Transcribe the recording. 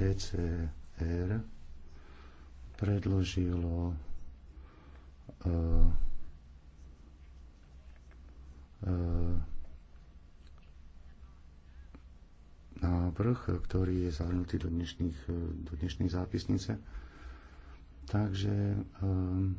ECR predložilo e, e, návrh, ktorý je zahrnutý do, dnešných, do dnešnej zápisnice. Takže um,